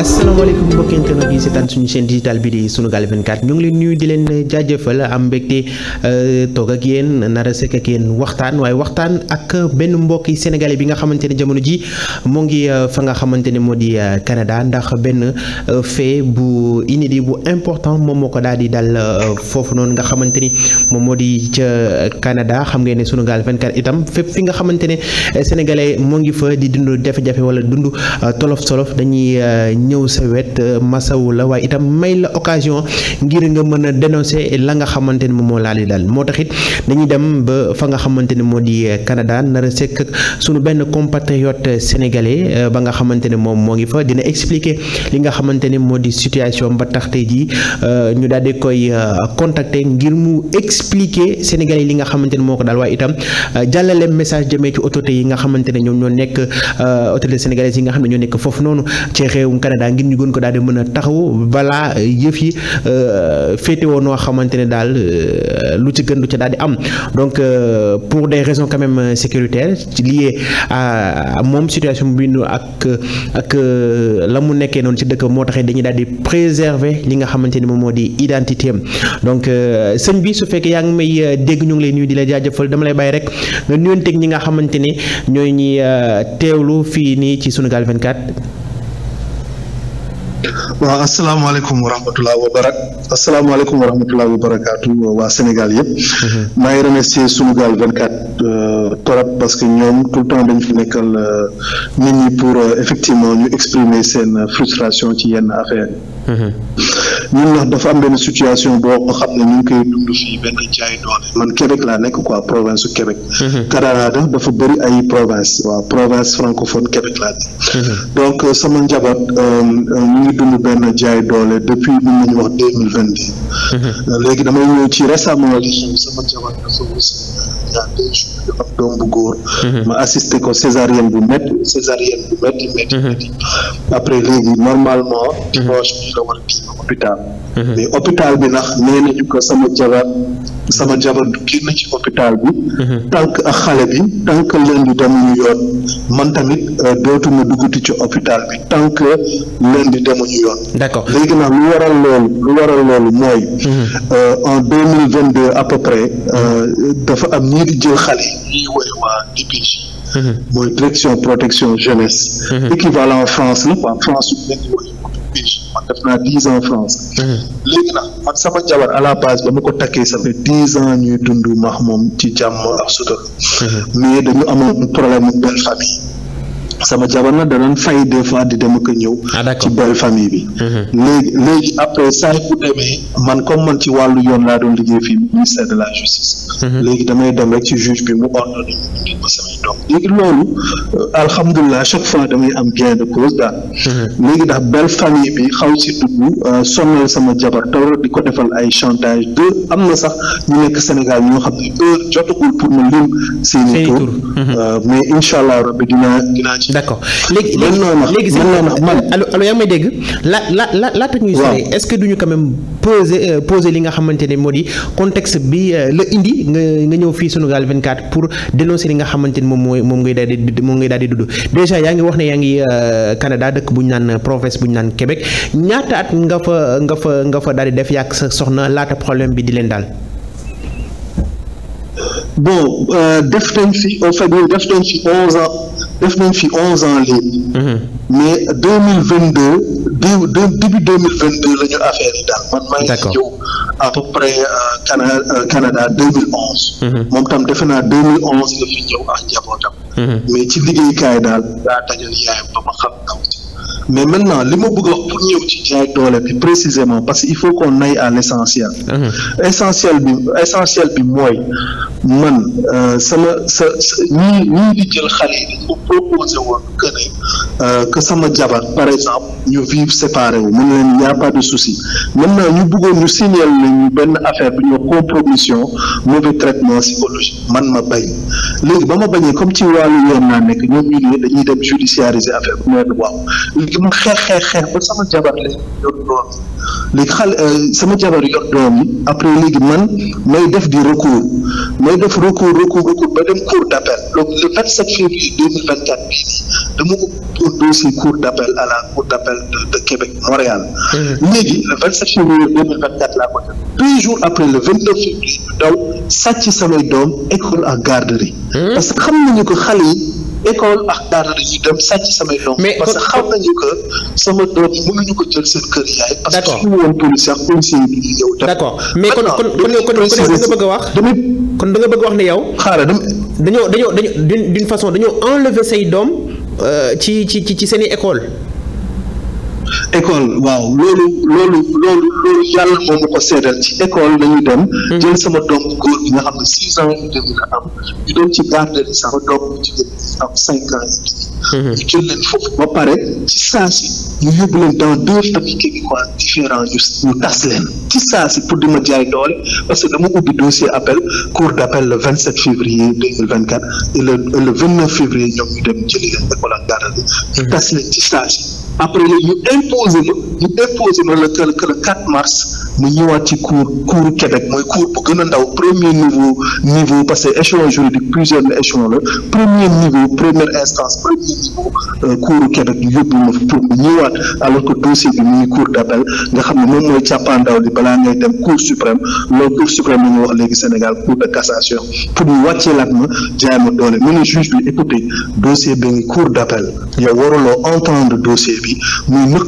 asalaamaaleykum mbokk internet yi seetaan suñu chaîne digitale bi di Sunugal 24 ñu ngi leen nuyu di leen jaajëfal am mbégte euh, toog ak yéen nar a sekk ak waxtaan waaye waxtaan ak benn mbokki sénégalais bi nga xamante ne jamono ji mu ngi euh, fa xamante ne moo di euh, Canada ndax benn fait bu inédit bu important moom moo ko daal di dal foofu noonu nga xamante ni moom moo di ca Canada xam ngeen ne Sunugal 24 itam fépp fi nga xamante ne sénégalais moo ngi fa di dund jafe-jafe wala dund tolof tolof dañuy. ñëw sa wet euh, masawu la waaye itam may la occasion ngir nga mën a dénoncer la nga xamante ni moom moo laa di daal moo tax it dañuy dem ba fa nga xamante ni moo di euh, Canada nar a sekk ak sunu benn compatriote sénégalais euh, ba nga xamante ne moom moo ngi fa dina expliquer li nga xamante ni moo di situation ba tax tey jii ñu daal di koy contacter ngir mu expliquer sénégalais li nga xamante ni moo ko daal waaye itam jàllale message jëmee ci autorités yi nga xamante ne ñoom ñoo nekk autorités yi nga xam ne ñoo nekk foofu noonu daal ngir ñu gën ko daal di mën a taxawu balaa yëf yi euh, féetewoo noo xamante ne daal euh, lu ci gën du ci daal di am donc euh, pour de raisons quand sécuritaire sécuritaires liées à moom situation bi nu ak ak la mu nekkee noonu ci dëkk moo taxee dañuy daal di préserver li nga xamante ni moom moo di identité am donc sëñ bi su fekkee yaa ngi may dégg ñu ngi lay nuyu di la jaajëfal dama lay bàyyi rek nga teg ñi nga xamante ne ñooy ñi teewlu fii nii ci Sunugal 24. waa asalaamaaleykum wa rahmatulah wa barak asalaamaaleykum wa rahmatulah wa barakaatu waa Sénégal yëpp. maa mhm. ngi remercier Sunugal 24 euh, torop parce que ñoom tout le temps dañ fi nekkal euh, nit ñi pour euh, effectivement ñu exprimer seen frustration ci yenn affaire ñun ndax dafa am benn situation boo xam ne ñu ngi koy dund fii benn jaay doole man Québec laa nekk quoi province su Québec. Mhm. Canada dafa bëri ay province waa province francophone Québec laa nekk. Mhm. donc euh, sama njaboot euh, euh, ñu ngi dund benn jaay doole depuis mën nañu wax deux mille mhm. léegi damay ñëw ci récemment li sama njaboot dafa wus il y a deux jours. ab doom bu góor mhm. ma assisté ko césarienne bu métti césarienne bu métti métti mhm. après léegi normalement mhm. dimanche bi la war a gis hôpital mais hôpital bi nax nee nañu sama jabar sama jabar du génn ci hôpital bi mm-hmm. tant ak xale bi tànk que lundi demuñu yoon man tamit euh, dootuma duggati ci hôpital bi tant que lundi demuñu yoon d'accord léegi nag lu waral loolu lu waral loolu mooy mm-hmm. euh, en deux mille vingt deux à peu près euh, dafa am ñii di jël xale yi ñuy woy waa DPJ mm-hmm. mooy direction protection jeunesse équivalent France la waa France lañu woy pays man def naa dix ans France. Mhm. léegi nag man sama jabar à la base ba ma ko takkee ça fait dix ans ñuy dund maax moom ci jàmm ak sutura. Mhm. mais dañu amoon problème mu benn sama jabar na danañ fay des fois di dem ak ñëw. Ah, ci belle famille bi. Mhm. léegi léegi après saa bu demee man comme man ci wàllu yoon laa doon liggéey fii ministère de la justice. Mhm. léegi damay dem rek ci juge bi mu ordonné mu ngeen ma samay doom léegi euh, chaque fois damay am gain de cause daal. Mhm. léegi ndax belle famille bi xaw si dugg euh, sonnal sama jabar tawra di ko defal ay chantage de am na sax ñu nekk Sénégal ñoo xam ne heure jotagul pour ma lim. seeni tur euh, mais incha allah rabbi dina dina d'accord léegi léegi si man allo allo yaa may dégg la la la laata ñuy sori est-ce que duñu quand même poser euh, poser li nga xamante ne moo di contexte bi euh, la indi nga nga ñëw fii Sunugal 24 pour dénoncer li nga xamante ni moom mooy moom ngay daal di moom daal di dudd déjà yaa ngi wax ne yaa ngi euh, Canada dëkk bu ñu naan province bu ñu naan Québec ñaata at nga fa nga fa nga fa daal def yàq sa soxna laata problème bi di leen daal bon euh, def nañ fi en fait def onze ans def nañ fi onze ans léegi. Mhm. mais deux mille vingt deux début deux mille vingt deux la ñu affaire yi daal man maa près euh, Canada euh, Canada deux mille onze. Mhm. moom tam defe naa deux mille onze la fi ñëw ak njabootam. Mhm. mais ci liggéeykaay daal daa dajal yaayam ba ma xam ndaw mais maintenant li ma bëgg a wax pour ñëw ci jaay doole bi précisément parce que il faut qu'on aille à l'essentiel mhm. essentiel bi essentiel bi mooy man euh, sama sa ñii ñii di jël xale yi dañ ko proposé woon euh, que sama jabar par exemple ñu vivre séparé wu mën leen y a pas de souci ñu bëggoon ñu signaler ñu benn affaire bi ñu compromission mauvais traitement psychologique man ma bañ léegi ba ma bañee comme ci wàllu yoon naa nekk ñoom ñu ne dañuy dem judiciariser affaire bu waaw léegi ma xeex xeex xeex ba sama jabar euh, sama jabar yor doom yi après léegi man may def di recours may def recours recours ba dem cour le vingt sept février de de Québec Montréal. Mmh. léegi le vingt sept février deux mille vingt quatre laa ko def deux jours après le vingt neuf février ñu daw sàcc samay doom école ak garderie. Mmh. parce que xam nañu ko xale yi. école ak daara dañuy dem sàcc samay doom. mais parce que xam nañu que sama doom mënuñu ko jël seen kër yaay. parce que su woon police ak policier bi ñuy ñëw. d' mais kon kon kon kon da nga bëgg a wax. kon da bëgg wax ne yow. xaaral dañoo dañoo dañoo d' une façon dañoo enlever say doom euh, ci ci ci seen i école. école waaw loolu loolu loolu loolu yàlla moom ma ko seedal ci école lañu dem hmm. jël sama doom góor bi nga xam ne six ans et demi am ñu ci garderie bi am cinq ans hmm. ñu ba pare ci saa si ñu yóbbu leen dans deux ci saa pour di ma jaay doole parce que dama ubbi dossier appel cour d'appel le le le vingt neuf février ñoom ñu dem jëli leen école hmm. ci saa si après léegi ñu imposé ma ñu imposé ma le que le 4 mu ñëwaat ci cour cour Québec mooy cour bu gën a ndaw premier niveau niveau parce que échelon juridique plusieurs échelons la premier niveau première instance premier niveau euh, cour Québec yóbbu na pour mu ñëwaat alors que dossier bi mu ngi cour d'appel nga xam ne moom mooy càppaandaw li balaa ngay dem cour suprême loolu cour suprême la ñu wax léegi Sénégal cour de cassation pour ñu wàccee laat ma jaay ma doole mu ne juge bi écoutez dossier bi ngi cour d'appel yow waruloo entendre dossier bi muy mu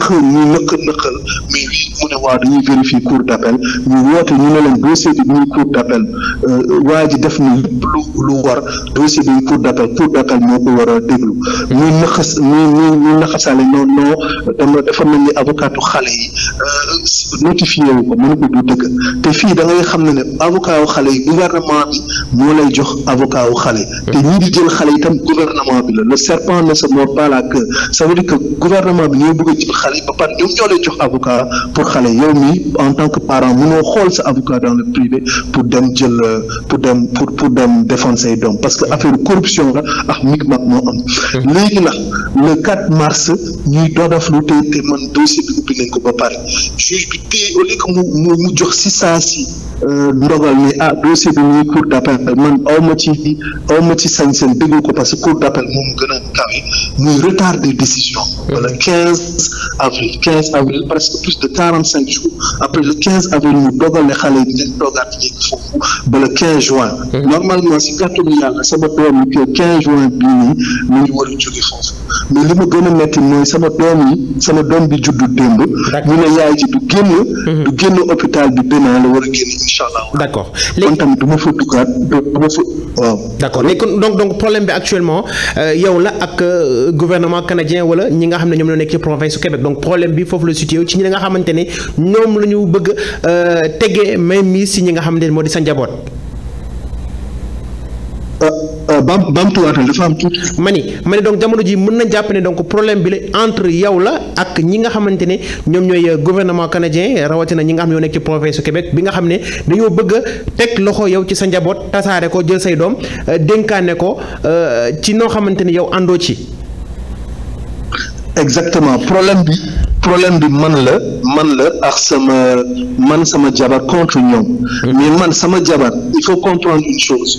cour d'appel ñu woote ñu ne leen dossier bi duñu euh, lu lu war dossier bi cour d'appel cour d'appel moo ko war a déglu ñuy naxas ñu ñu ñu naxasale non non dama dafa mel ni avocatu xale yi euh, notifié wu ko mën ko du dëgg te fii da ngay xam ne ne avocat wu xale yi gouvernement bi moo lay jox avocat wu xale te ñii di jël xale yi tam gouvernement bi la le serpent ne se mord pas la queue ça veut dire que gouvernement bi ñoo bëgg a jël xale yi ba ñoom ñoo lay jox avocat pour xale yow mi en tant que parent mënoo xool sa avocat dans le privé pour dem jël pour dem pour pour dem défendre say doom parce que affaire corruption la ak micmac moo am léegi nag le 4 mars ñuy doodaflu te te man dossier bi ubbi nañ ko ba pare mu mu mu jox si saa si ndogal ni ah dossier bi muy cour d'appel man aw ci sañ seen déglu ko parce que cour d'appel moom gën a kawe muy retard de décision mm-hmm. wala 15 avril presque plus de jours après 15 avril ñu dogale xale yi leen toogaat léegi foofu ba le 15 juin. Mm-hmm. normalement si gàttanu yàlla sama doom yi que juin bii nii ñu war foofu. mais li ma gën a metti mooy sama doom yi sama doom bi juddu démb. ñu ne yaay ji du génn. Mhm. du génn hôpital bi demain la war a génn incha allah. d' accord léegi kon tamit du ma fa duggaat du ma fa waaw. d' accord léegi donc donc problème bi actuellement euh, yow la ak euh, gouvernement canadien wala ñi nga xam ne ñoom la nekk ci province su Québec donc problème bi foofu la situé ci ñi nga xamante ne ñoom la ñu bëgg a tegee même si ñi nga xamante ne moo di sa njaboot. Euh, baam baamtuwaatal dafa am tuuti. ma ni ma ne donc jamono ji mën na jàpp ne donc problème bi entre yow la ak ñi nga xamante ne ñoom ñooy euh, gouvernement canadien rawatina ñi nga xam ñoo nekk ci province Québec bi nga xam ne dañoo bëgg a teg loxo yow ci sa njaboot tasaare ko jël say doom euh, dénkaane ko ci noo xamante ne yow àndoo ci. exactement problème bi. problème bi man la man la ak sama man sama jabar contre ñoom mm-hmm. mais man sama jabar il faut comprendre une chose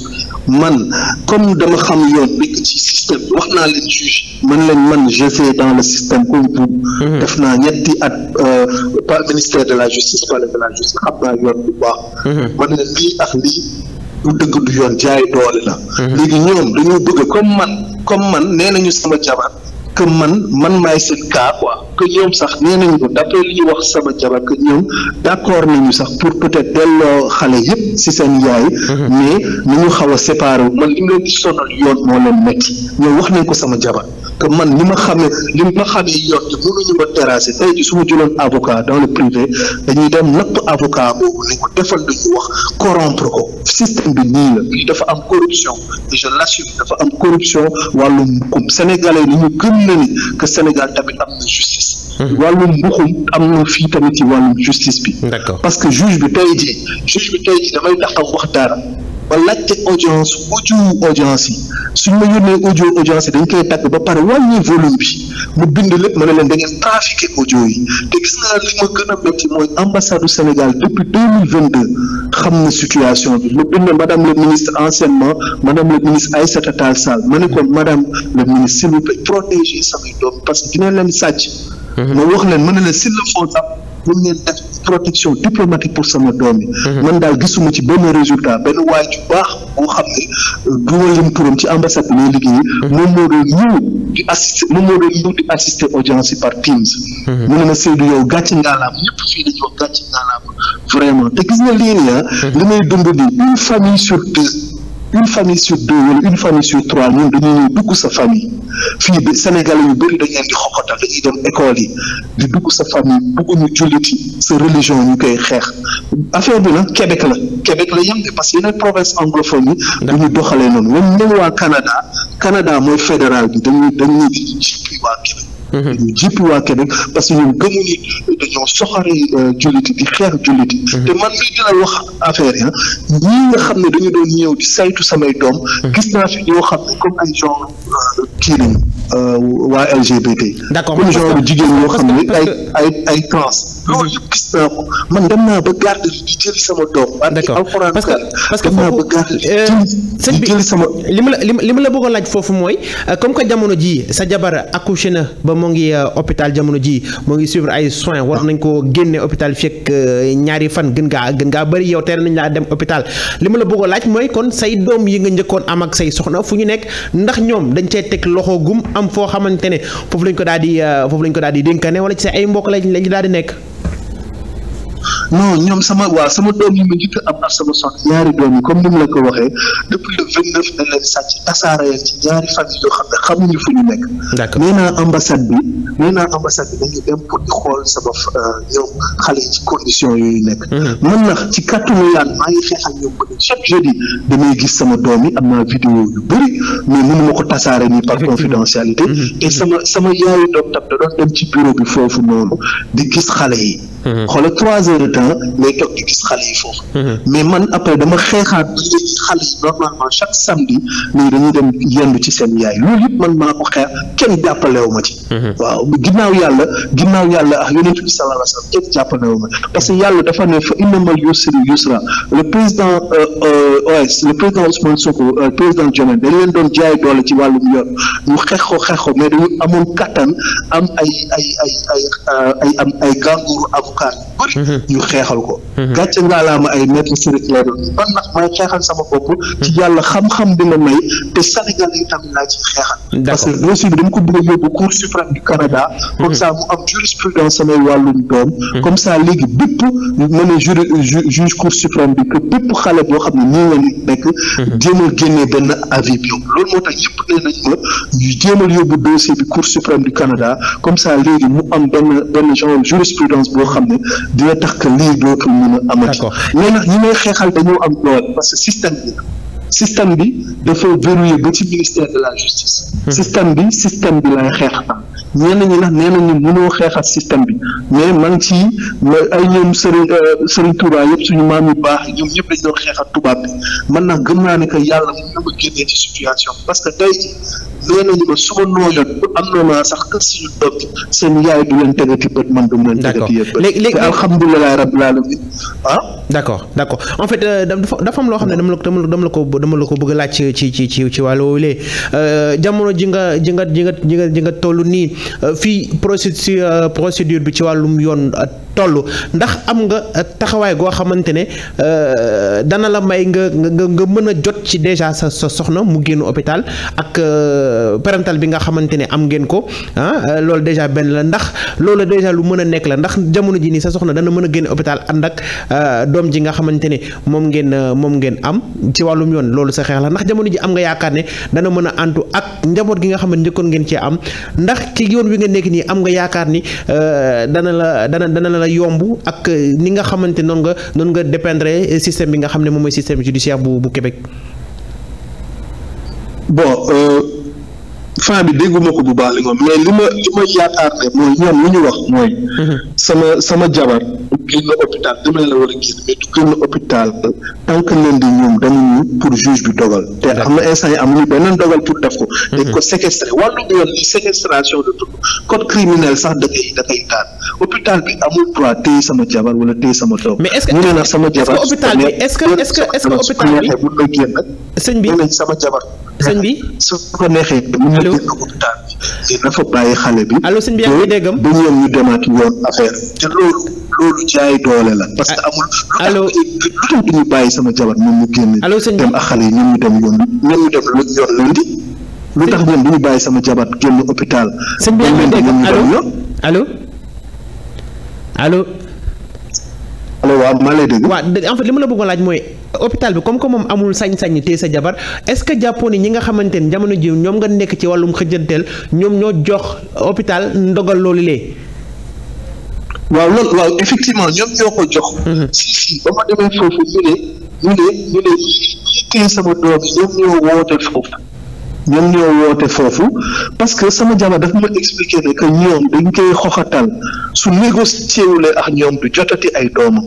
man comme dama xam yoon nekk ci système wax naa leen juge man leen man je dans le système comme pour mm-hmm. def naa ñetti at euh, par ministère de la justice palais de la justice xam naa yoon bu baax man mm-hmm. leen lii ak lii du dëgg du yoon jaay doole la léegi ñoom dañoo bëgg comme man comme man nee nañu sama jabar que man man maay seen cas quoi que ñoom sax nee nañu ko d'après li ñu wax sama jabar que ñoom d'accord nañu sax pour peut-être delloo xale yëpp ci seen yaay mhm. mais ni ñu xaw a séparé man li mu leen di sonal yoon moo leen metti ñoom wax nañ ko sama jabar que man li ma xamee li ma xamee yoon yi mënuñu ko terrasser tey jii su ma jëloon avocat dans le privé dañuy dem napp avocat boobu ni ko defal lu wax corrompre ko système bi nii la dafa am corruption je l'assume dafa am corruption wàllum mbuxum sénégalais yi ñu gëm na ni que Sénégal tamit am na justice. wàllum mbuxum am na fii tamit ci wàllum justice bi. parce que juge bi tey jii juge bi tey jii damay taxaw wax ba laajte audience audio audience yi suñ ma yónnee audio audience dañ koy tàgg ba pare wàññi volume bi mu bind lépp ma ne leen da ngeen trafiqué audio yi te gis naa li ma gën a métti mooy ambassade du Sénégal depuis deux mille vingt deux xam na situation bi mu bind madame le ministre anciennement madame le ministre Aïssata Tall Sall ma ne ko madame le ministre s'il vous plaît samay doom parce que dina leen sàcc. ma wax leen mën na leen si le faut sax. pour ngeen def protection diplomatique pour sama doom yi. Mhm. man daal gisuma ci benn résultat benn waay ju baax boo xam ne du euh, ma turam ci ambassade bi lay mhm. moom moo doon ñëw di assister audience par Teams. Mhm. mu ne ma Seydou yow gàcce ngaalaam ñëpp fii dañuy wax gàcce vraiment te gis nga lii nii ah, li may dund di une famille sur deux. une famille sur deux wala une famille sur trois ñun dañuy ñëw dugg sa famille fii ba Sénégal yu bëri dañ di xoxotal dañuy dem école yi di dugg sa famille bëgguñu julliti sa religion ñu koy xeex affaire bi nag Québec la Québec la yem parce que yeneen province anglophone yi du ñu doxalee noonu même même waa Canada Canada mooy fédéral bi dañuy dañuy jippi waa Québec ñu mm-hmm. jéppi waa Québec parce que ñoom gëmuñu dañoo soxari euh, julliti di xeex julliti mm-hmm. te man mii dina wax affaire ya ñii nga xam ne dañu doon ñëw di saytu samay doom mm-hmm. gis naa fi ñoo xam ne comme ay genre euh, kii lañu Euh, waa LGBT. d' accord commission bu jigéen ñoo xam ne ay ay mmh. ko man dem naa ba garde di jëli sama parce que parce que foofu euh, jëli sama. li ma la li ma la bëggoon laaj foofu mooy euh, comme que jamono ji sa jabar accouché na ba mu ngi hôpital jamono ji mu ngi suivre ay soins war nañ ko génne hôpital fekk ñaari fan gën gaa gën gaa bari yow teel nañ laa dem hôpital li ma la bëggoon laaj mooy kon say doom yi nga njëkkoon am ak say soxna fu ñu nekk ndax ñoom dañ cee teg loxo gum am foo xamante ne foofu lañ ko daal di euh, foofu lañ ko daal di dénkaane wala ci sa ay mbokk lañ lañ daal di nekk. non ñoom sama waa sama doom yi ma njëkk am ak sama soxna ñaari doom yi comme ni mu la ko waxee depuis le vingt neuf dañ leen sàcc tasaare ci ñaari famille yoo xam ne xamuñu fu ñu nekk. d'accord nee naa bi nee naa ambassade bi dañuy xool sama euh, ñoom xale yi ci condition yooyu nekk. Mm-hmm. ci kàttanu yàlla maa ngi xeexal ñoom ba chaque jeudi damay gis sama doom yi am naa vidéo yu bëri mais mënu ma ko tasaare nii par confidentialité. Mm-hmm. te sama sama yaayu doom tam da doon ci bureau bi foofu noonu di gis xale yi. Mhm. xoolal trois heures de temps ngay toog gis xale yi foofu. Mhm. mais man après dama xeexaat gis xale yi normalement chaque samedi léegi dañuy dem yendu ci seen yaay loolu yëpp man maa xeex kenn jàppalewu ma ci. Mhm. waaw ginnaaw yàlla ginnaaw yàlla ak yonent bi sallallahu alayhi wa sallam kenn jàppalewu ma parce que yàlla dafa ne fa innamal yusri yusra le président euh, euh, OS le président Ousmane Sonko euh, le président Diomaye dañ leen doon jaay doole ci wàllum yoon ñu xeex ko xeex ko mais dañu amoon kattan am ay ay ay am ay gàngooru xaar yu bëri ñu mhm. xeexal ko mhm. gàcce ngaalaama ay maître Ciré Clédor Ly man nag may xeexal sama bopp ci yàlla xam-xam bi ma may te Sénégal yi tam laa ci xeexal parce que dossier bi dama ko bëgg a yóbbu Cour suprême du Canada mhm. comme ça mu am jurisprudence samay wàllum doom comme ça léegi bépp ma ne juge xale boo xam ne nii a génnee benn avis bi loolu moo tax yëpp nee nañ ko ñu jéemal mu am benn jurisprudence boo xam ne dina tax que lii doo ko a amati. mais nag ñi may xeexal dañoo am doole parce que système bi système bi dafa verrouillé ba ci ministère de la justice. Hmm. système bi système bi lay xeexal. ñenn ñi nag nee nañu mënoo xeexal système bi mais man ci ay ñoom Serigne euh, Serigne Touba yëpp suñu maam yu baax ñoom ñëpp dañu xeexal tubaab bi man nag gëm naa ne que yàlla mën na ma génnee ci situation parce que tey nee nañu ma su ma nooyoon bu am na maa sax kër suñu doom seen yaay du leen tegati bët man du ma leen tegati yéen bët léegi léegi alhamdulilah rabbil alamin ah d' accord d' accord en fait euh, dafa am loo xam ne dama la ko dama la ko dama la ko bëgg a laaj ci ci ci ci wàllu woowu lee euh, jamono ji nga ji nga ji nga ji nga ji nga toll nii euh, fii procédure procédure bi ci wàllum yoon toll ndax am nga euh, taxawaay goo xamante ne euh, dana la may nga nga nga mën a jot ci déjà sa sa soxna mu génn hôpital ak euh, parental bi nga xamante ne am ngeen ko ah loolu déjà benn la ndax loolu déjà lu mën a nekk la ndax jamono ji nii sa soxna dana mën a génn hôpital ànd ak ji nga xamante ne moom ngeen moom ngeen am ci wàllum yoon loolu sa xeex la ndax jamono ji am nga yaakaar ne dana mën a antu ak njaboot gi nga xam ne ngeen cee am ndax ci nga nekk nii am nga yaakaar ni dana la dana la a yomb ak euh, ni nga xamante noon nga noonu nga dépendre système bi nga xam ne moom mooy système judiciaire bu bu Québec. bon. Euh, fin bi dégguma ko bu baax li nga mais li ma li ma yaakaar ne mooy ñoom lu ñu wax mooy mm-hmm. sama sama jabar génn hôpital dama la war a gis mais du génn hôpital tant que leen di ñoom dañuñu pour juge bi dogal te am na instant yi amuñu beneen dogal pour def ko mm-hmm. dañ ko séquestré wàllu bi yoon li séquestration de tout code criminel sax da koy da koy daan hôpital bi amul droit téye sama jabar wala téye sama doom mais est-ce que ñu ne nag sama jabar est-ce que est-ce que est-ce que hôpital bi bu doy génn nag sëñ bi sama jabar sëñ bi su ko neexee. allo mën na jël dafa bàyyi xale bi. allo sëñ bi yaa ngi déggam ba ñoom ñu demaat yoon affaire te loolu loolu jaay doole la. parce que ah, amul allo lu tax du ñu bàyyi sama jabar moom mu génn. allo sëñ bi dem ak xale yi ñoom ñu dem yoon ñoom ñu dem yoon lundi. lu tax ñoom du ñu bàyyi sama jabar génn hôpital. sëñ bi yaa ngi déggam allo allo allo. allo waaw maa lay dégg. waaw en fait li ma la bëggoon laaj mooy. hôpital bi comme que moom amul sañ-sañ téye sa jabar est-ce que jàppoo ni ñi nga xamante ni jamono ji ñoom nga nekk ci wàllum xëjanteel ñoom ñoo jox hôpital ndogal loolu lee waaw jox. Mm-hmm. si si ba ñoom ñoo woote foofu ñoom ñoo woote foofu parce que sama jabar daf ma expliquer ne que ñoom dañ koy xoxatal su négocié wulee ak ñoom du jotati ay doomam.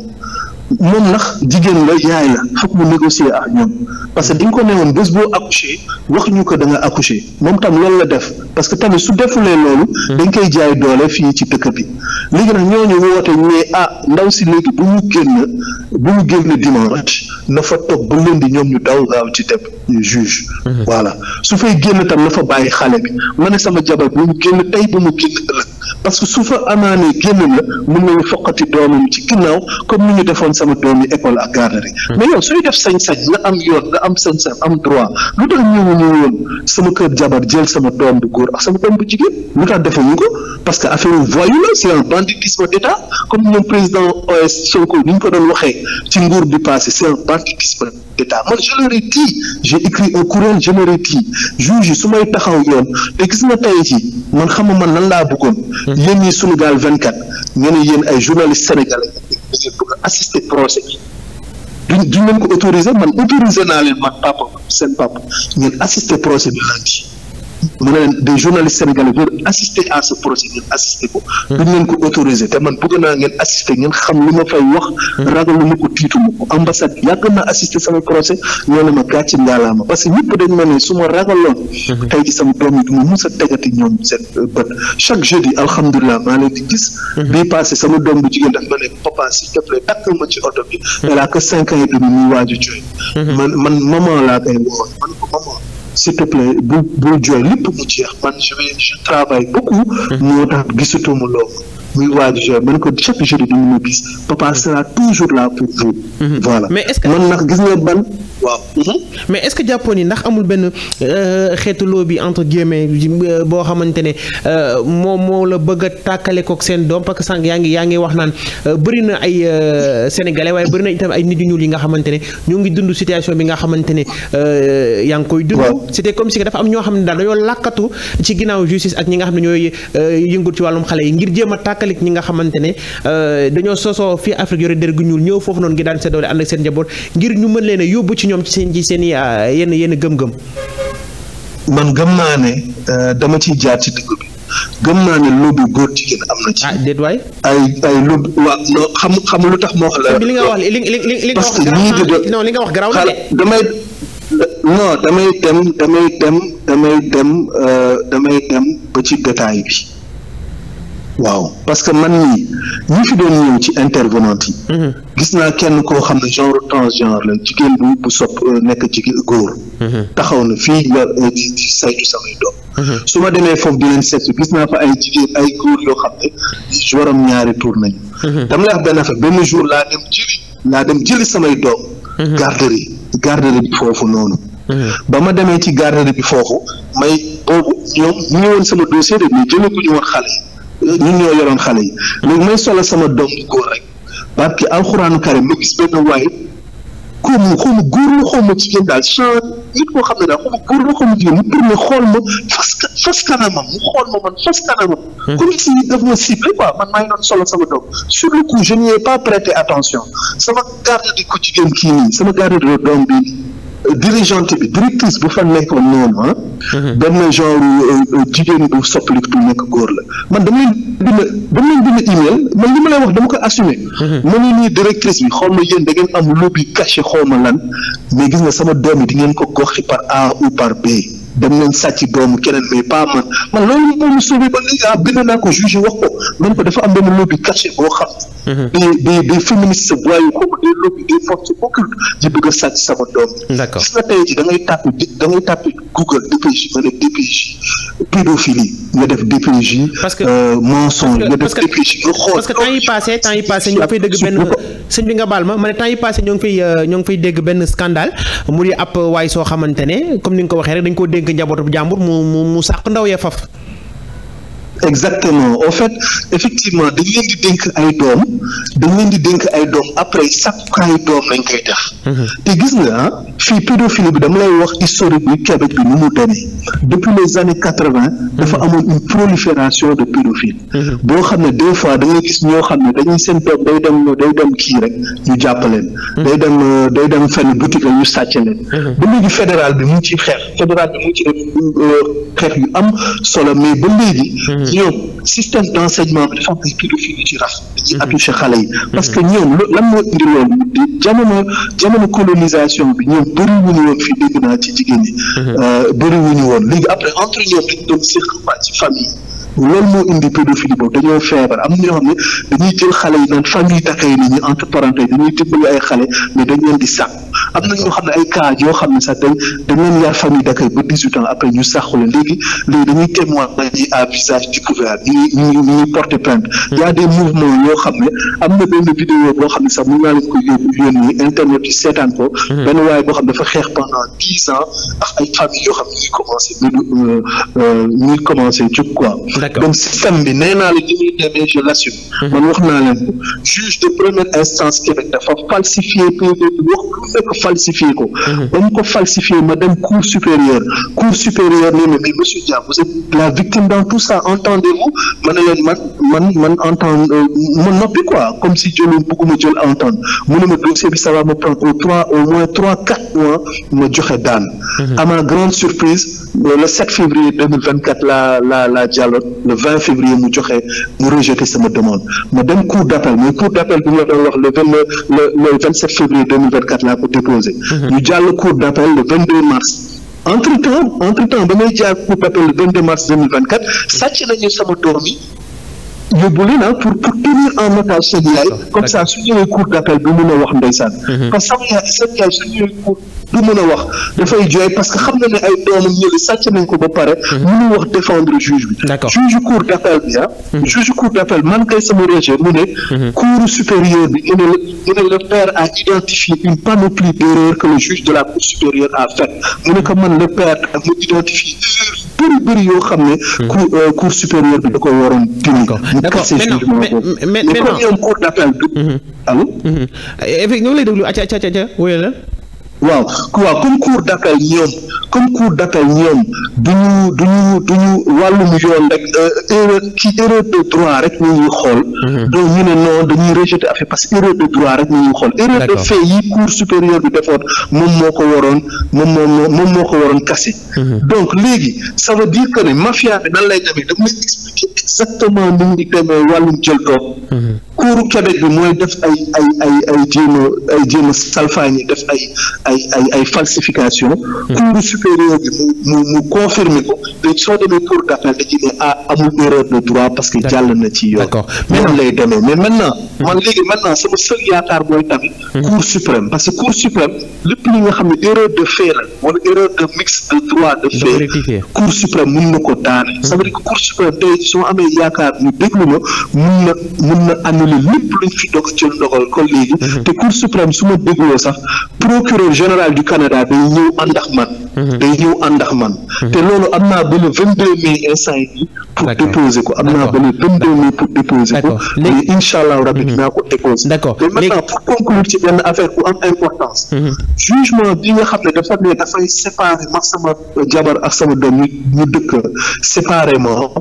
moom ndax jigéen la yaay la foog mu négocier ak ñoom parce que di ko ne woon bés boo accouché wax ñu ko da nga accouché moom tam loolu la def parce que tamit su defulee loolu. Hmm. dañ koy jaay doole fii ci dëkk bi léegi nag ñooñu woote ñu ne ah ndaw si léegi bu ñu génn bu ñu génn dimanche na fa toog ba lundi ñoom ñu daw gaaw ci deb juge. Hmm. voilà su fay génn tam na fa bàyyi xale bi ma sama jabar bu mu génn tey bu mu génn parce que su fa amaanee génn la mun nañu foqati doomam ci ginnaaw comme ni ñu defoon sama doomi école ak garderie hmm. mais yow suy def sañ-sañ nga am yoon nga am sañ-sañ am droit lu tax ñëwuñu woon sama kër jabar jël sama doom bu góor ak sama doom bu jigéen lu tax defuñu ko parce que affaire voyou la c'est un banditisme d'État comme ñoom président OS Sonko ni ñu ko doon waxee ci nguur bi passé c'est un banditisme d'État man je leur ai dit j'ai écrit un courriel je leur juge su may taxaw yoon te gis nga tey ji man xam nga man lan laa bëggoon hmm. yéen ñi Sunugal 24 ngeen yéen ay journalistes sénégalais ngeen bëgg assister procès bi duñ duñ leen ko autoriser man autoriser naa leen man papa seen papa ngeen assister procès bi lundi mu ne leen des journalistes sénégalais veulent assister à ce procès assister ko. Hmm. duñ leen ko autoriser te man bëgg naa ngeen assister ngeen xam lu ma fay wax. Hmm. ragalu ma ko tiitu ma ko ambassade yàgg naa assister sama procès ñoo ma gàcce ngaalaama parce que ñëpp dañ ma ne su ma ragaloon. Hmm. tey ci sama doom yi du ma mus tegati ñoom seen euh, bët chaque jeudi alhamdulilah maa leen di gis. bii passé sama doom bu jigéen daf ma ne papa s'il te plaît takk ma ci oto bi. elle a que cinq ans et demi muy waaju jooy. man man maman laa s'il te plaît bu bu jooy lépp mu jeex man je je travaille beaucoup. Mhm. moo tax gisatuma loolu. muy waaj mm-hmm. jouer ko chaque jour du ñu gis papa mais est-ce que man ndax gis nga ban waaw. Mm-hmm. est-ce que jàppoon ni ndax amul benn euh, xeetu loo bi entre guillemets euh, boo xamante ne euh, moom moo la bëgg a tàkkale kook seen doom parce que sànq yaa ngi yaa ngi wax naan bëri na ay sénégalais waaye bëri na itam ay nit ñuul yi nga xamante ne ñoo ngi dund situation bi nga xamante ne yaa ngi koy dund. c'était comme si dafa am ñoo xam ne daal dañoo làkkatu ci ginnaaw justice ak ñi nga xam ne ñooy yëngu ci wàllum xale yi ngir jéem a tàkk tàqalik ñi nga xamante ne euh, dañoo sosoo fii Afrique yore dér gu ñuul ñëw foofu noonu ngi daan seen doole ànd ak seen njaboot ngir ñu mën leen a yóbbu ci ñoom ci seen ci euh, yenn yenn gëm-gëm. man gëm naa ne euh, dama ciy jaar ci dëgg bi gëm naa ne lobby góor jigéen am na ci. Ah, déet waay. ay ay waa non xam xam lu tax ma wax la. li nga wax li li li nga li nga wax garaaw la de. damay non damay dem damay dem damay ba ci détail bi. waaw parce que man nii ñi fi doon ñëw ci intervenante yi. Mhm. gis naa kenn koo xam ne genre transgenre la jigéen bu bu sopp euh, nekk jigéen góor. Mhm. taxaw na fii la euh, di samay doom. Mhm. su ma demee foofu di leen seetlu gis naa fa ay jigéen ay góor yoo xam ne waram ñaari tour nañu. dama lay wax benn affaire benn jour laa dem jëli dem jëli samay doom. garderie garderie bi foofu noonu. ba ma demee ci garderie bi foofu may boobu ñoom ñu ngi woon sama dossier de mais jëlee ku ñu woon ñun ñoo yoroon xale yi léegi may solo sama doom góor rek parce que alxuraanu karim ma gis benn waay xaw ma ma góor la xaw ma mu xool ma fas fas kanamam xool ma man fas kanamam. Hmm. comme si daf ma ciblé man maa doon solo sama doom sur le attention sama garde ko jigéen kii nii sama garde di doom bii. dirigeante bi directrice bu fa nekkoon noonu ah. Mhm. benn genre euh, jigéen bu soppaliku nekk góor la man dama leen bind dama leen bind email man li ma lay wax dama ko assume mhm. ma ne nii directrice bi xaw ma yéen da ngeen am lobby caché xaw ma lan mais gis nga sama doom yi di ngeen ko goxi par A ou par B. dem leen sàcc doomu keneen mais pas man man loolu moom mu sauvé ba léegi ah bind naa ko jugé wax ko man ko dafa am benn lobby caché boo xam. Mhm. des des des féministes voyous comme des lobby des forces occultes di bëgg a sàcc sama doom. d'accord gis nga tey jii da ngay tàpp da ngay tàpp Google DPJ nga def DPJ pédophilie nga def DPJ. parce que euh, mensonge nga def DPJ nga xool. parce que temps yi passé temps yi passé ñu ngi fay dégg benn sëñ bi nga baal ma ma ne temps yi passé ñoo ngi fay euh, ñoo ngi fay dégg benn scandale mu di ab waay soo xamante ne comme ni nga ko waxee rek dañ ko dégg dénk njabootu mu mu mu sàq ndaw ya faf exactement au fait effectivement dañ di dénk ay doom dañ leen di dénk ay doom après sàkkaayu doom lañ koy def mhm. te gis nga ah fii pédophilie bi dama lay wax historique bi Québec bi nu mu demee depuis les années quatre vingt dafa mhm. amoon une prolifération de pédophiles mhm. boo xam ne des fois da gis ñoo xam ne dañuy seen doom day dem day dem kii rek ñu jàppaleen leen day dem euh, day dem fenn boutique la ñu sàcc ba léegi fédéral bi mu ngi ci xeex fédéral bi mu ci def euh, xeex yu am solo m ñoom mm-hmm. système d' enseignement bi dafa am ay pédophiles yu ci raf ci mm-hmm. affiché xale yi mm-hmm. parce que ñoom la moo indi loolu jamono jamono colonisation bi ñoom bëri wuñu woon fii dégg naa ci jigéen ñi euh, bëri wuñu woon léegi après entre ñoom dañ doon ci famille loolu moo indi pédophilie boobu dañoo feebar am na ñoo xam ne dañuy jël xale yi naan famille takkay nit ñi entre parenthèses dañuy dimbali ay xale mais dañ leen di sàq am na ñoo xam ne ay cas yoo xam ne sax dañ dañ leen yar famille d'accueil ba dix-huit ans après ñu sàqu leen léegi léegi dañuy témoigner à visage découvert ñuy ñu ñuy porter plainte y yoo xam ne am na benn vidéo boo xam ne sax mën naa leen ko yóbbu yónni internet yi seetaan ko benn waaye boo xam ne dafa xeex pendant dix ans ak ay famille yoo xam ne ñuy commencé euh, euh, ñuy commencé quoi donc système bi nee naa la li muy demee je l'assume mhm. man wax naa leen ko juge de première instance Québec dafa falsifié PV bi wax lu nekk ko mhm. ba mu ko falsifié ma dem cour supérieure cour supérieure nee ma mais monsieur Dia vous êtes la victime dans tout ça entendez-vous ma ne leen man man man entendre euh, ma noppi quoi comme si jëloon bëgguma jël entendre mu ne ma dossier bi ça va me prendre au trois au moins trois quatre mois ma joxe daan mhm. à ma grande surprise la la la dialogue le 20 février mu joxe mu rejeté sama demande ma dem cour d' appel cour d' appel bi ñu la le vingt le le vingt sept février deux mhm. cour d' appel le vingt deux mars. entre temps entre temps ba may jaar cour d' appel le vingt deux mars deux mille sama doom yóbbu leen ah pour pour tenir en otage seen comme ça su cour d'appel du mën a wax ndeysaan mm-hmm. parce que sama yaay seen yaay du mën a wax dafay jooy parce que xam na ne ay doomam ñële sàcc nañ ko ba pare mënu mm-hmm. wax défendre juge bi juge cour d'appel bi ah mm-hmm. juge cour d'appel man kay sama rejet mu ne cour supérieure bi ine ine le père a identifié une panoplie d'erreurs que le juge de la cour supérieure a fait mu ne ko man le père a bëri bëri yoo xam ne. Hmm. cour euh, cour supérieure bi da ko waroon dindi. d' accord mais mais mais non cour d' appel. allo. ñu ngi lay acca acca acca wóyal la. waaw waaw comme cour d'appel ñoom comme cour d'appel ñoom du ñu du ñu du ñu wàllum yoon rek euh, erreur ki erreur de droit rek ñu ñuy xool. Mhm. donc ñu ne non dañuy rejeter parce que erreur de droit rek ñu ñuy xool. erreur de fait yi cour supérieure bi defoon moom moo ko waroon moom moo moom moo ko waroon kase. Mhm. donc léegi ça veut dire que ne mafia bi nan lay demee daf lay expliquer exactement ni mu demee wàllum jël toog. nguuru Québec bi mooy def ay ay ay ay jéem a ay jéem def ay ay ay ay falsification cour hmm. mu mu mu confirmer ko mais soo demee cour d'appel da ah, parce que jàll na ci yoon mais hmm. man léegi maintenant sama seul yaakaar hmm. suprême parce que cour suprême lépp nga xam ne erreur de fait la wala erreur de mun na ko daane ça veut dire que suprême tey soo amee yaakaar ñu déglu ma mun mun na annuler lépp luñ fi dog ci dogal ko léegi mhm. te cour suprême su ma dégloo sax procureur général du Canada day ñëw ànd ak man mhm. day ñëw ànd ak man mhm. te loolu am naa ba le vingt deux mai instant yi pour déposer ko am naa ba le vingt deux mai pour déposer ko mais incha allah rabi dinaa ko déposer d'accord mais maintenant pour conclure ci benn affaire bu am importance jugement bi nga xam ne dafa ne dafay séparer ma sama jabar ak sama doom mu dëkk séparément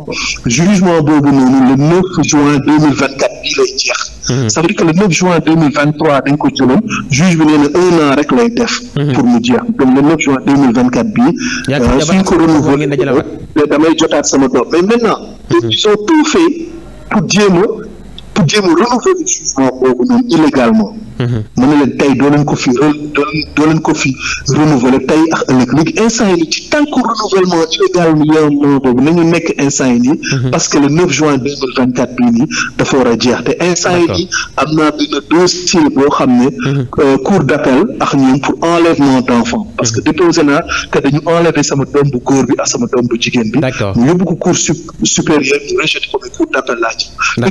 jugement boobu noonu le 9 bii lay jeex. Mhm. ça veut dire que le 9 juin 2023 dañ ko jëloon juge bi nee na un an rek lay def. Mhm. pour mu jeex donc le 9 juin 2024 bii. Euh, suñ ko renouvelé damay jotaat sama doom mais maintenant. Mhm. ils ont tout fait pour jéem a pour jéem a renouveler jugement boobu noonu illégalement. mën na leen tey doo leen ko fi doo ko fi renouveler tey ak ëllëg léegi instant yi ci tànku renouvellement illégal million moom boobu nañu nekk instant mhm. parce que le 9 juin 2024 dafa war a jeex te instant yi nii am naa benn dossier boo xam ne mhm. euh, cour d'appel ak ñoom pour enlèvement d'enfant parce que mhm. déposé naa te dañu enlever sama doom bu góor bi ak sama doom bu jigéen bi ñu yóbbu ko cour supérieure ñu rejeté ko mais cour d'appel laa ci te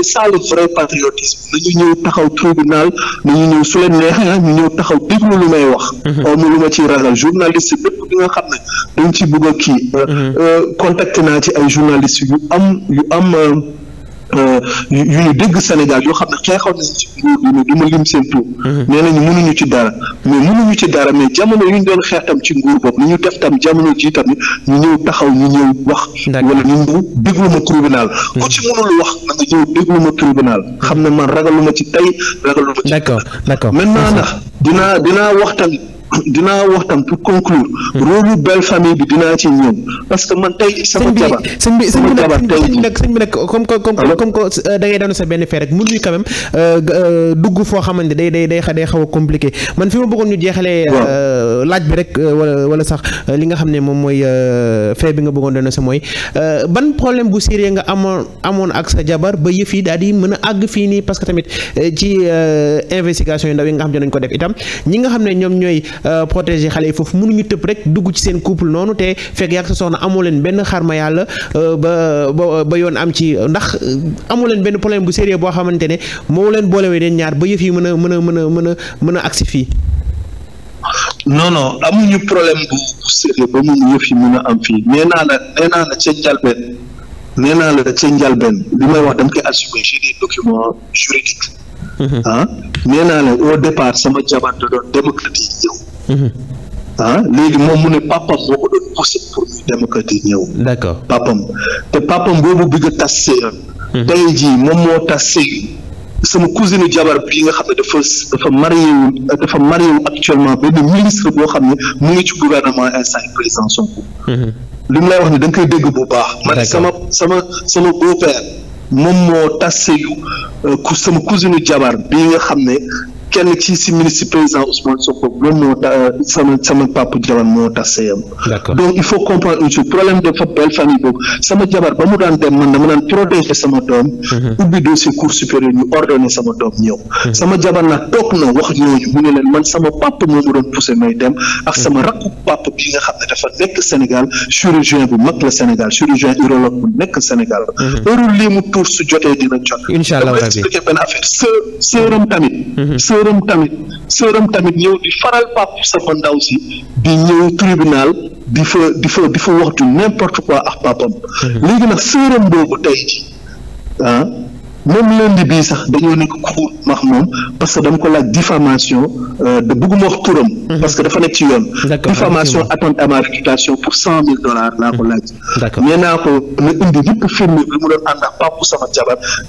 kilifa patriotisme nañu ñëw taxaw tribunal nañu ñëw su leen ñu ñëw taxaw déglu lu may wax mhm. awma lu ma ciy ragal journaliste bépp bi nga xam ne dañ ci bëgg a kii mhm. euh, euh, contacté naa ci ay journaliste yu am yu am euh, Euh, yu ñu dégg Sénégal yoo xam ne xeexoon nañ ci nguur du ma lim seen tur mm-hmm. nee nañu mënuñu ci dara mais mënuñu ci dara mais jamono yu ñu doon xeex tam ci nguur boobu ñu def tam jamono ji tamit ñu ñëw taxaw ñu ñëw wax wala ñu ñëw déglu ma tribunal ku ci mm-hmm. mënul wax na nga ñëw déglu ma tribunal xam ne man ragaluma ci tey ragaluma ci d'accord d'accord maintenant mm-hmm. dinaa dinaa wax dinaa wax tam pour conclure. Hmm. rôle belle famille bi dinaa ci ñëw parce que man tey sama jabar sëñ bi nag sëñ bi comme que comme comme que euh, da ngay daanu sa benn fee rek mun ñu quand euh, euh, dugg foo xamante day day day day xaw a compliqué man fi ma bëggoon ñu jeexalee. laaj bi rek wala wala sax li nga xam ne moom mooy fee bi nga bëggoon doon sa mooy ban problème bu sérieux nga amoon amoon ak sa jabar ba yëf yi daal di mën a àgg fii nii parce que tamit ci investigation yi ndaw yi nga xam ne nañ ko def itam ñi nga xam ne ñoom ñooy. Euh, protéger xale yi foofu mënuñu tëb rek dugg ci seen couple noonu te fekk yàgg sa soxna amoo leen benn xar ma yàlla euh, ba ba ba yoon am ci ndax euh, amoo leen benn problème bu sérieux boo xamante ne moo leen boolewee den ñaar ba yëf yi mën a mën a mën a mën a mën a agsi fii. non non amuñu problème bu sérieux ba mu yëf yi mën a am fii nee naa la nee naa la ca njalbeen li may wax dama koy assumer j'ai des documents juridiques. Mhm. ah naa la au départ sama jabar ah léegi moom mu ne papam moo ko doon poussé pour ñu démocratie ñëw. d'accord papam te papam boobu bëgg a tas séeram. Mhm. tey jii moom moo tas séy sama cousine jabar bii nga xam ne dafa dafa marié dafa mario wu actuellement benn ministre boo xam ne mu ngi ci gouvernement instant président Sonko. Mhm. li mu lay wax ni da nga koy dégg bu baax. man sama sama sama beau moom moo tas séyu ku euh, sama cousine jabar bii nga xam ne. kenn ci si ministre président Ousmane Sonko loolu moo tax sama sama papa jabar moo tax donc il faut comprendre une problème de belle famille boobu sama jabar ba mu daan dem man dama daan protéger sama doom mm-hmm. ubbi dossier cour supérieure ñu ordonné sama doom ñëw mm-hmm. sama jabar nag toog na wax ñooñu mu ne leen man sama papa moo ma doon poussé may dem ak mm-hmm. sama rakku papa bi nga xam ne dafa nekk Sénégal chirurgien bu mag la Sénégal chirurgien urologue bu nekk Sénégal heure lii mu tuur su jotee dina jot dama expliqué sëram tamit sëram tamit ñëw di faral Pape Samba Ndaw si di ñëw tribunal di fa di fa di fa wax du n'importe quoi ak mmh. léegi nag sëram boobu tey ji ah même lundi bii sax dañoo nekk xóot max moom parce que dama ko laaj diffamation euh, de bëgguma wax turam mhm. parce que dafa nekk ci yoon diffamation attente à ma pour cent mille dollars laa ko mhm. laaj nee naa ko na indi yëpp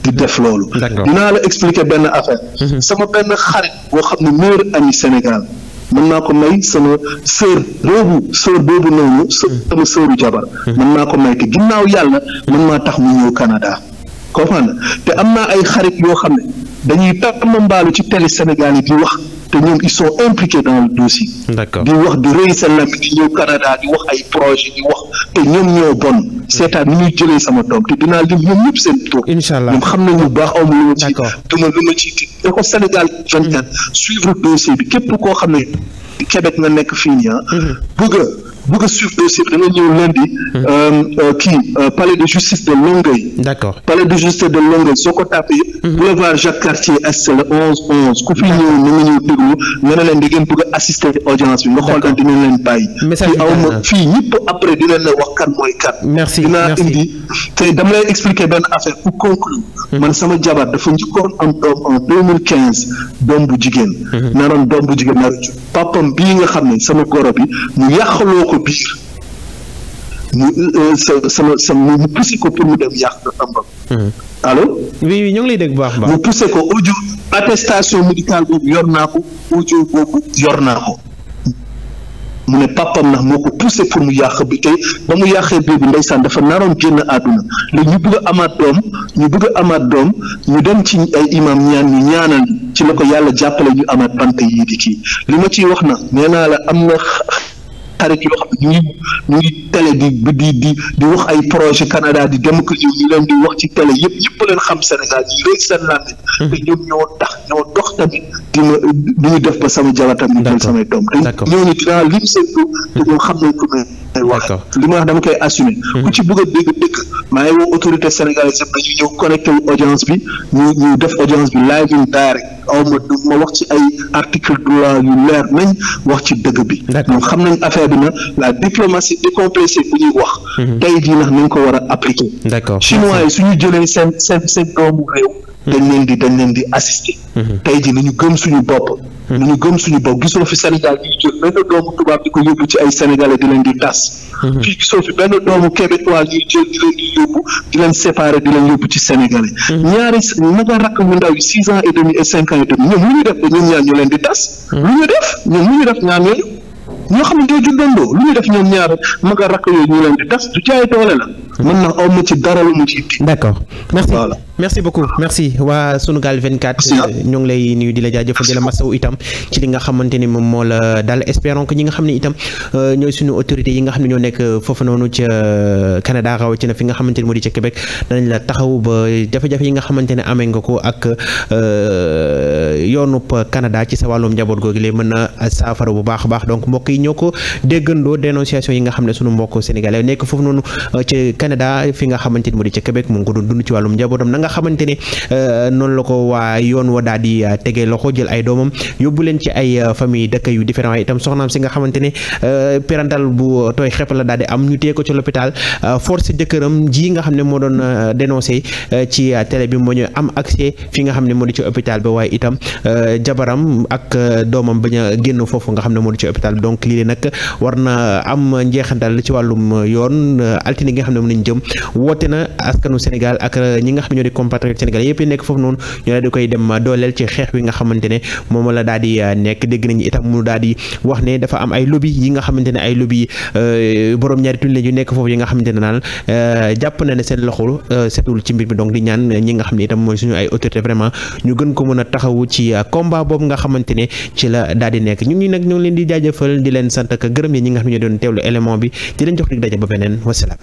di def loolu dinaa la expliquer benn affaire mhm. sama benn xarit boo xam ne meilleur ami Sénégal mën naa ko may sama sœur boobu sœur boobu noonu sama sœuru jabar mën naa ko may te ginnaaw yàlla mën maa tax mu ñëw Canada comprendre te am na ay xarit yoo xam ne dañuy tàmm mbaalu ci télé Sénégal yi di wax te ñoom ils sont impliqués dans le dossier. d'accord di wax di rëy sa nag di ñëw Canada di wax ay projet di wax te ñoom ñoo bon seetaan ni ñuy jëlee sama doom te dinaa lim ñoom ñëpp seen tur. incha allah ñoom xam nañu bu baax aw ma lu ma ci. d'accord duma lu ma ci da ko Sénégal 24 mm. suivre dossier bi képp koo xam ne Québec nga nekk fii nii ah. Mm-hmm. bëgg bëgg a suivre dana ñëw lundi. kii euh, euh, euh, pare de justice de Longueuil. d'accord palais de justice de Longueuil soo ko tapee. boulevard Jacques Cartier Est le 11 11 ku fi ñëw ni nga ñëw déglu nga ne leen di ngeen bëgg a assister audience bi nga xool daal dinañ leen bàyyi. fii ñëpp après di leen wax kan mooy kan. merci dinaa indi te dama lay expliquer benn affaire pour conclure. man sama jabar dafa njëkkoon am doom en 2015 doom bu jigéen. naroon doom bu jigéen nar a jur. papam bii nga xam ne sama goro bi mu yàqaloo ko biir mu euh, sa sama mu poussé ko pour mu dem yàq ambam hmm. allo. oui oui ñu ngi lay dégg baax baax. mu poussé ko audio attestation médicale boobu yor naa ko audio boobu yor naa ko. mu ne papam na moo ko poussé pour mu yàq bi tey ba mu yàqee boobu ndeysaan dafa naroon génn àdduna léegi ñu bëgg amaat doom ñu bëgg amaat doom ñu dem ci ay imam ñaan ñu ñaanal. ci la ko yàlla jàppale ñu amaat bant yii di kii li ma ciy wax na nee naa la am na xarit yoo xam ne ñu ngi télé di di di di wax ay projet Canada di dem ko ñëw ñu leen di wax ci télé yëpp yëpp leen xam Sénégal yi rëy seen làmmiñ te ñoom ñoo tax ñoo dox tamit dina duñu def ba sama jabar tamit jël samay doom te ñëw ni xam nañ ko mais li ma wax dama koy assumer hmm. ku ci bëgg a dégg dëkk maa ngi woo autorité sénégalaise yëpp dañu ñëw connecté wu audience bi ñu ñu def audience bi live in direct aw ma du ma wax ci ay article de loi yu leer nañ wax ci dëgg bi ñoom xam nañ affaire bi na la diplomatie décomplexée pressé fu ñuy wax. Mhm. tey chinois yi su ñu jëlee seen seen seen doomu réew. Mhm. dañ leen di dañ leen di assister. Mhm. tey jii nañu gëm suñu bopp. nañu gëm suñu bopp gisoo fi Sénégal ñuy jël benn doomu tubaab di ko yóbbu ci ay sénégalais di leen di tas. fii gisoo fi benn doomu québécois ñuy jël di leen di yóbbu di leen séparer di leen yóbbu ci sénégalais. ñaari naka rakk mu ndaw yi six ans et demi et cinq ans et demi ñoom ñu def ba ñoom ñu leen di tas. lu ñu def ñoom lu ñu def ñaar yooyu. ñoo xam ne ñooy juddandoo lu ñu def ñoom ñaar mag a rakk yooyu ñu leen di tas du jaay doole la. mën na aw ma ci dara lu mu ci. d'accord merci voilà. merci beaucoup merci waa Sunugal 24 ah. euh, ñu ngi lay nuyu di la jaajëfal di la itam ci li nga xamante ni moom moo la dal espérons que ñi nga xam ne itam euh, ñooy suñu autorité yi nga xam ne ñoo nekk euh, foofu noonu ca Canada rawatina fi nga xamante ni moo di ca Québec danañ la taxaw ba jafe yi nga xamante ne amee nga ko ak yoonub Canada ci sa wàllum njaboot googu lay mën a saafara bu baax baax donc mbokk yi ñoo ko déggandoo dénonciation yi nga xam ne sunu mbokk sénégalais nekk foofu noonu ca Canada fi nga xamante ni moo di ca Québec mu ngi ko doon dund xamante ne euh, noonu la ko waa yoon wa daal di euh, tegee loxo jël ay doomam yóbbu leen ci ay euh, famille dëkk yu différent itam soxnaam si nga xamante ne parental bu tooy xepp la daal di am ñu téye ko ci l'hôpital force jëkkëram ji nga xam ne moo doon dénoncé ci télé bi moo am accès fi nga xam ne moo di ci hôpital bi waaye itam jabaram ak doomam bañ a génn foofu nga xam ne moo di ci hôpital bi donc lii nag war na am njeexantal ci wàllum yoon altine gi nga xam ne mën nañ jëm woote na askanu Sénégal ak ñi nga xam ne ñoo di di compatriote sénégalais nekk foofu noonu ñu daal di koy dem dooleel ci xeex wi nga xamante ne moom la daal di euh, nekk dégg nañu itam mu daal di wax ne dafa am ay lobby yi nga xamante ne ay lobby euh, borom ñaari tuñ la ñu nekk foofu yi nga xamante ne daal euh, jàpp na ne seen loxo setul ci mbir mi donc di ñaan ñi nga xam ne itam mooy suñu ay autorité vraiment ñu gën ko mën a taxawu ci combat boobu nga xamante ne ci la daal di nekk ñu ñi nag ñoo leen di jaajëfal di leen sant ak gërëm yi ñi nga xam ne ñoo doon teewlu élément bi di leen jox dig daje ba beneen wasalaam